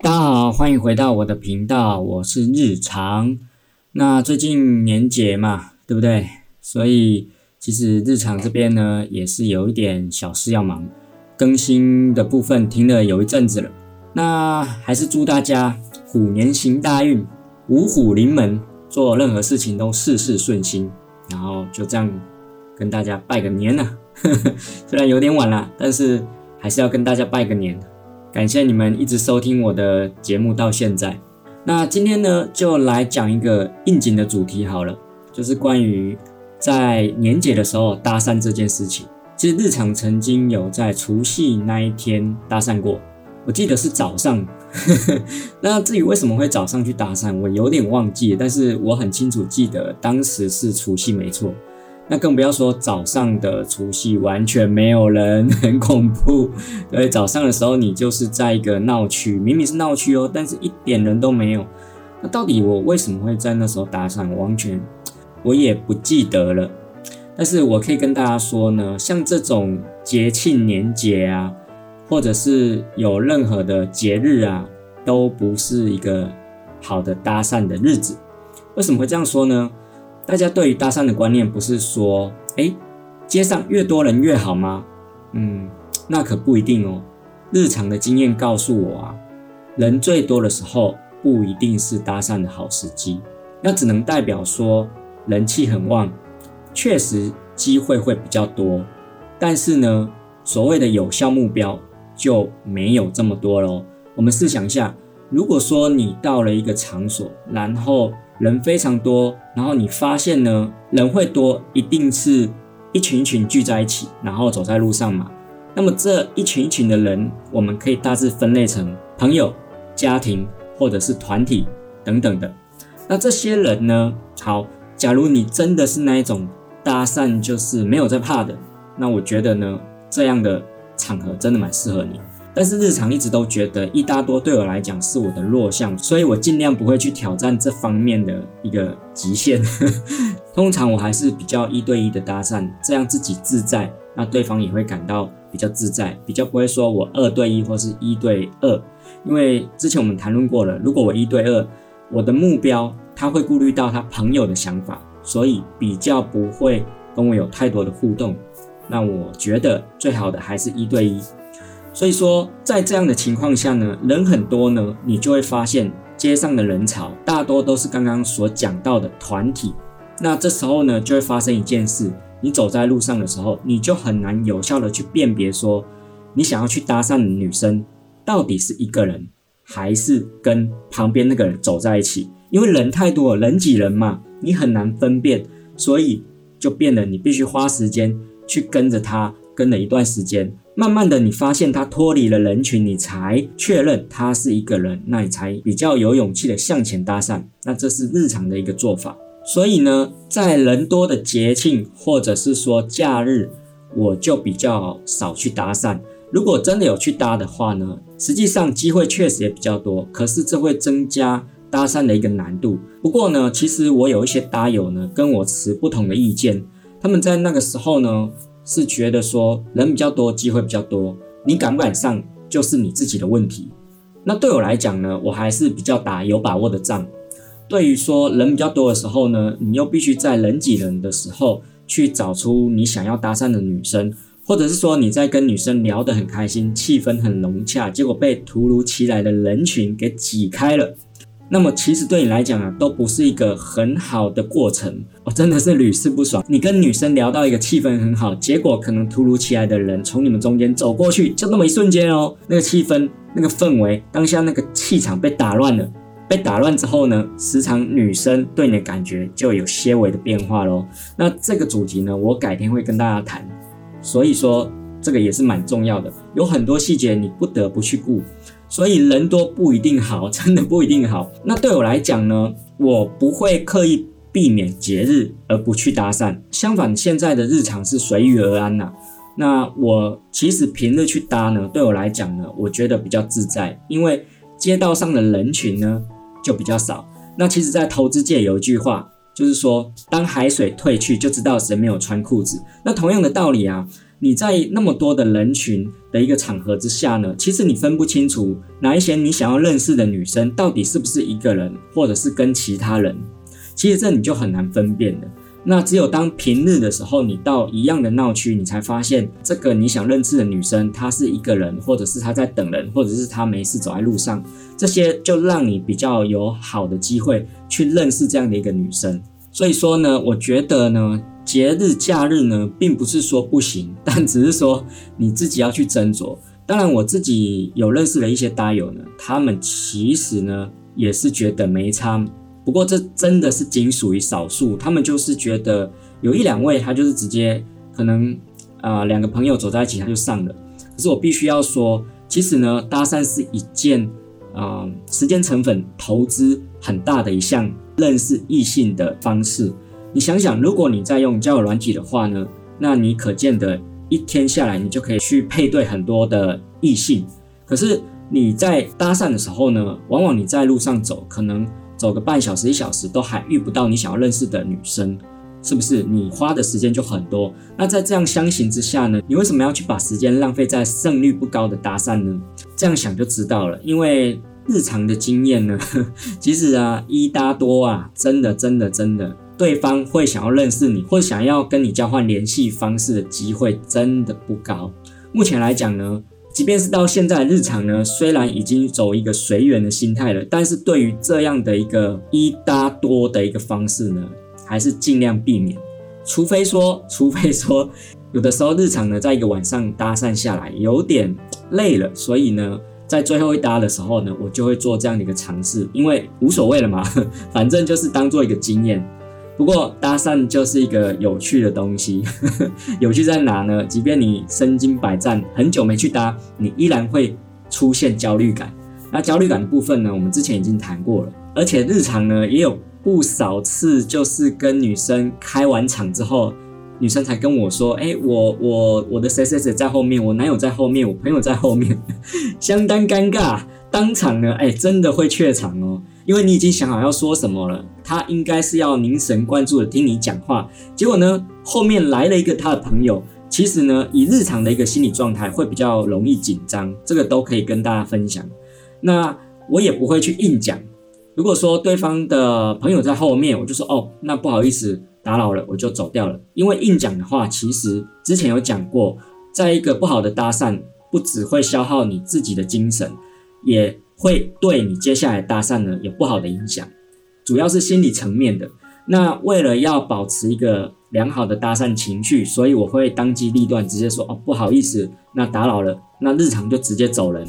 大家好，歡迎回到我的頻道，我是日常。那最近年節嘛，對不對？所以其實日常這邊呢，也是有一點小事要忙，更新的部分停了有一陣子了。那還是祝大家虎年行大運。五虎臨門，做任何事情都事事順心。然後就這樣跟大家拜個年啊、呵， 雖然有點晚了，但是還是要跟大家拜個年。感謝你們一直收聽我的節目到現在。那今天呢，就來講一個應景的主題好了，就是關於在年節的時候搭訕這件事情。其實日常曾經有在除夕那一天搭訕過，我記得是早上。 那至於為什麼會早上去搭訕，我有點忘記，但是我很清楚記得當時是除夕沒錯。那更不要說早上的除夕，完全沒有人，很恐怖。因為早上的時候，你就是在一個鬧區，明明是鬧區哦，但是一點人都沒有。那到底我為什麼會在那時候搭訕，完全我也不記得了。但是我可以跟大家說呢，像這種節慶年節啊。或者是有任何的節日啊，都不是一個好的搭訕的日子。為什麼會這樣說呢？大家對於搭訕的觀念不是說，誒，街上越多人越好嗎？嗯，那可不一定哦。日常的經驗告訴我啊，人最多的時候不一定是搭訕的好時機，那只能代表說人氣很旺，確實機會會比較多。但是呢，所謂的有效目標，就沒有這麼多咯。我們試想一下，如果說你到了一個場所，然後人非常多，然後你發現呢，人會多，一定是一群一群聚在一起，然後走在路上嘛。那麼這一群一群的人，我們可以大致分類成朋友、家庭或者是團體等等的。那這些人呢，好，假如你真的是那一種搭訕就是沒有在怕的，那我覺得呢，這樣的。場合真的蠻適合你，但是日常一直都覺得一搭多對我來講是我的弱項，所以我儘量不會去挑戰這方面的一個極限。 通常我還是比較一對一的搭訕，這樣自己自在，那對方也會感到比較自在，比較不會說我二對一或是一對二，因為之前我們談論過了，如果我一對二，我的目標他會顧慮到他朋友的想法，所以比較不會跟我有太多的互動。那我覺得最好的還是一對一，所以說在這樣的情況下呢，人很多呢，你就會發現街上的人潮大多都是剛剛所講到的團體。那這時候呢，就會發生一件事：你走在路上的時候，你就很難有效的去辨別說，你想要去搭訕的女生到底是一個人，還是跟旁邊那個人走在一起，因為人太多，人擠人嘛，你很難分辨，所以就變了，你必須花時間。去跟着他，跟了一段時間，慢慢的你發現他脫離了人群，你才確認他是一個人，那你才比較有勇氣的向前搭訕。那這是日常的一個做法。所以呢，在人多的節慶或者是說假日，我就比較少去搭訕。如果真的有去搭的話呢，實際上機會確實也比較多，可是這會增加搭訕的一個難度。不過呢，其實我有一些搭友呢，跟我持不同的意見。他們在那個時候呢，是覺得說人比較多，機會比較多，你敢不敢上就是你自己的問題。那對我來講呢，我還是比較打有把握的仗。對於說人比較多的時候呢，你又必須在人擠人的時候去找出你想要搭訕的女生，或者是說你在跟女生聊得很開心，氣氛很融洽，結果被突如其來的人群給擠開了。那麼其實對你來講啊，都不是一個很好的過程。我、哦、真的是屢試不爽。你跟女生聊到一個氣氛很好，結果可能突如其來的人從你們中間走過去，就那麼一瞬間哦，那個氣氛、那個氛圍、當下那個氣場被打亂了。被打亂之後呢，時常女生對你的感覺就有些微的變化嘍。那這個主題呢，我改天會跟大家談。所以說，這個也是蠻重要的，有很多細節你不得不去顧。所以人多不一定好，真的不一定好。那對我來講呢，我不會刻意避免節日而不去搭訕。相反，現在的日常是隨遇而安吶。那我其實平日去搭呢，對我來講呢，我覺得比較自在，因為街道上的人群呢就比較少。那其實，在投資界有一句話，就是說，當海水退去，就知道誰沒有穿褲子。那同樣的道理啊，你在那麼多的人群。的一個場合之下呢，其實你分不清楚哪一些你想要認識的女生到底是不是一個人，或者是跟其他人。其實這你就很難分辨了。那只有當平日的時候，你到一樣的鬧區，你才發現這個你想認識的女生，她是一個人，或者是她在等人，或者是她沒事走在路上，這些就讓你比較有好的機會去認識這樣的一個女生。所以說呢，我覺得呢。節日假日呢，並不是說不行，但只是說你自己要去斟酌。當然，我自己有認識了一些搭友呢，他們其實呢也是覺得沒差。不過，這真的是僅屬於少數。他們就是覺得有一兩位，他就是直接可能啊、呃，兩個朋友走在一起，他就上了。可是，我必須要說，其實呢，搭訕是一件啊、呃，時間成本投資很大的一項認識異性的方式。你想想，如果你在用交友軟件的話呢，那你可見得，一天下來，你就可以去配對很多的異性。可是你在搭訕的時候呢，往往你在路上走，可能走個半小時一小時都還遇不到你想要認識的女生，是不是？你花的時間就很多。那在這樣相形之下呢，你為什麼要去把時間浪費在勝率不高的搭訕呢？這樣想就知道了。因為日常的經驗呢，其實啊，一搭多啊，真的真的真的。真的對方會想要認識你，或者想要跟你交換聯繫方式的機會真的不高。目前來講呢，即便是到現在日常呢，雖然已經走一個隨緣的心態了，但是對於這樣的一個一搭多的一個方式呢，還是盡量避免。除非說，除非說，有的時候日常呢，在一個晚上搭訕下來有點累了，所以呢，在最後一搭的時候呢，我就會做這樣的一個嘗試，因為無所謂了嘛，反正就是當做一個經驗。不過搭訕就是一個有趣的東西， 有趣在哪呢？即便你身經百戰，很久沒去搭，你依然會出現焦慮感。那焦慮感的部分呢，我們之前已經談過了，而且日常呢也有不少次，就是跟女生開完場之後，女生才跟我說：“誒、欸、我我我的誰誰誰在後面，我男友在後面，我朋友在後面， 相當尷尬，當場呢，誒、欸、真的會怯場哦。”因為你已經想好要說什麼了，他應該是要凝神關注的聽你講話。結果呢，後面來了一個他的朋友。其實呢，以日常的一個心理狀態，會比較容易緊張。這個都可以跟大家分享。那我也不會去硬講。如果說對方的朋友在後面，我就說哦，那不好意思，打擾了，我就走掉了。因為硬講的話，其實之前有講過，在一個不好的搭訕，不只會消耗你自己的精神，也會對你接下來的搭訕呢，有不好的影響，主要是心理層面的。那為了要保持一個良好的搭訕情緒，所以我會當機立斷，直接說哦，不好意思，那打擾了，那日常就直接走人。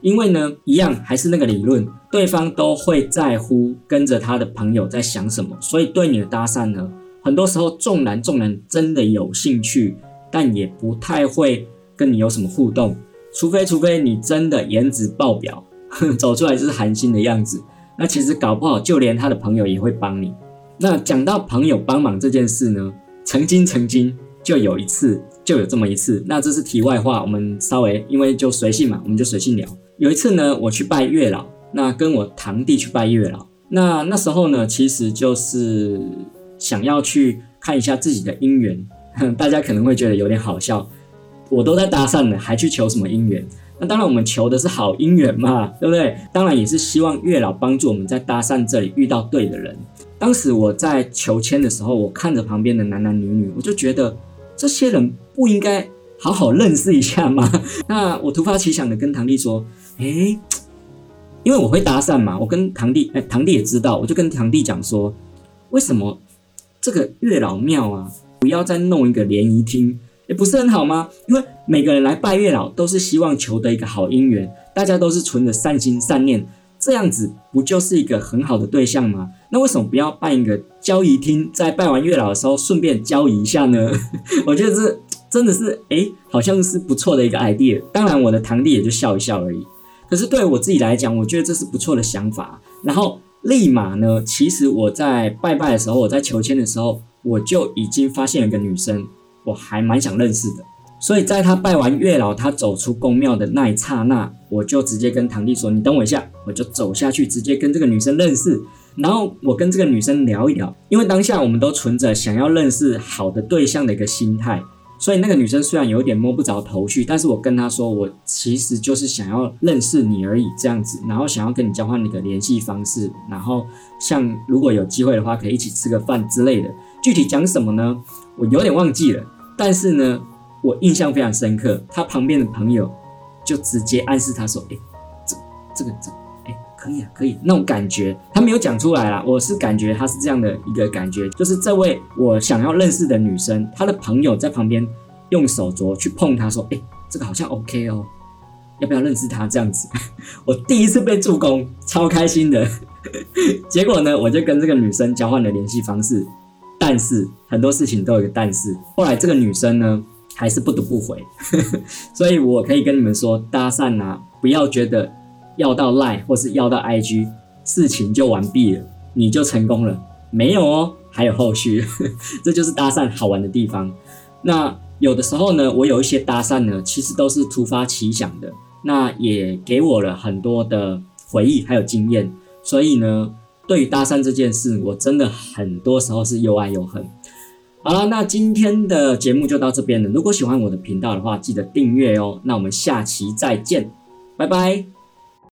因為呢，一樣還是那個理論，對方都會在乎跟着他的朋友在想什麼，所以對你的搭訕呢，很多時候縱然縱然真的有興趣，但也不太會跟你有什麼互動，除非除非你真的顏值爆表。 走出來就是寒心的樣子，那其實搞不好就連他的朋友也會幫你。那講到朋友幫忙這件事呢，曾經曾經就有一次，就有這麼一次。那這是題外話，我們稍微，因為就隨性嘛，我們就隨性聊。有一次呢，我去拜月老，那跟我堂弟去拜月老。那那時候呢，其實就是想要去看一下自己的姻緣。大家可能會覺得有點好笑，我都在搭訕了，還去求什麼姻緣？那當然，我們求的是好姻緣嘛，對不對？當然也是希望月老幫助我們在搭訕這裡遇到對的人。當時我在求籤的時候，我看着旁邊的男男女女，我就覺得這些人不應該好好認識一下嗎？那我突發奇想的跟堂弟說：“哎，因為我會搭訕嘛，我跟堂弟，哎，堂弟也知道，我就跟堂弟講說，為什麼這個月老廟啊，不要再弄一個聯誼廳？”也不是很好嗎？因為每個人來拜月老都是希望求得一個好姻緣，大家都是存着善心善念，這樣子不就是一個很好的對象嗎？那為什麼不要辦一個交誼廳，在拜完月老的時候順便交誼一下呢？ 我覺得這是真的是誒、欸，好像是不錯的一個 idea。當然，我的堂弟也就笑一笑而已。可是對我自己來講，我覺得這是不錯的想法。然後立馬呢，其實我在拜拜的時候，我在求籤的時候，我就已經發現了一個女生。我還蠻想認識的，所以在他拜完月老，他走出宮廟的那一剎那，我就直接跟堂弟說：“你等我一下，我就走下去，直接跟這個女生認識。”然後我跟這個女生聊一聊，因為當下我們都存着想要認識好的對象的一個心態，所以那個女生雖然有點摸不着頭緒，但是我跟她說：“我其實就是想要認識你而已，這樣子，然後想要跟你交換你的聯繫方式，然後像如果有機會的話，可以一起吃個飯之類的。”具體講什麼呢？我有點忘記了，但是呢，我印象非常深刻。他旁邊的朋友就直接暗示他說：“欸，這這個這，欸，可以啊，可以啊。”那種感覺，他沒有講出來啦。我是感覺他是這樣的一個感覺，就是這位我想要認識的女生，她的朋友在旁邊用手鐲去碰她說：“欸，這個好像 OK 哦，要不要認識她？”這樣子，我第一次被助攻，超開心的。結果呢，我就跟這個女生交換了聯繫方式。但是很多事情都有一個但是。後來這個女生呢，還是不讀不回，呵呵，所以我可以跟你們說，搭訕啊，不要覺得要到賴或是要到 IG，事情就完畢了，你就成功了，沒有哦，還有後續，呵呵，這就是搭訕好玩的地方。那有的時候呢，我有一些搭訕呢，其實都是突發奇想的，那也給我了很多的回憶還有經驗，所以呢。對於搭訕這件事，我真的很多時候是又愛又恨。好了，那今天的節目就到這邊了。如果喜歡我的頻道的話，記得訂閱哦。那我們下期再見，拜拜。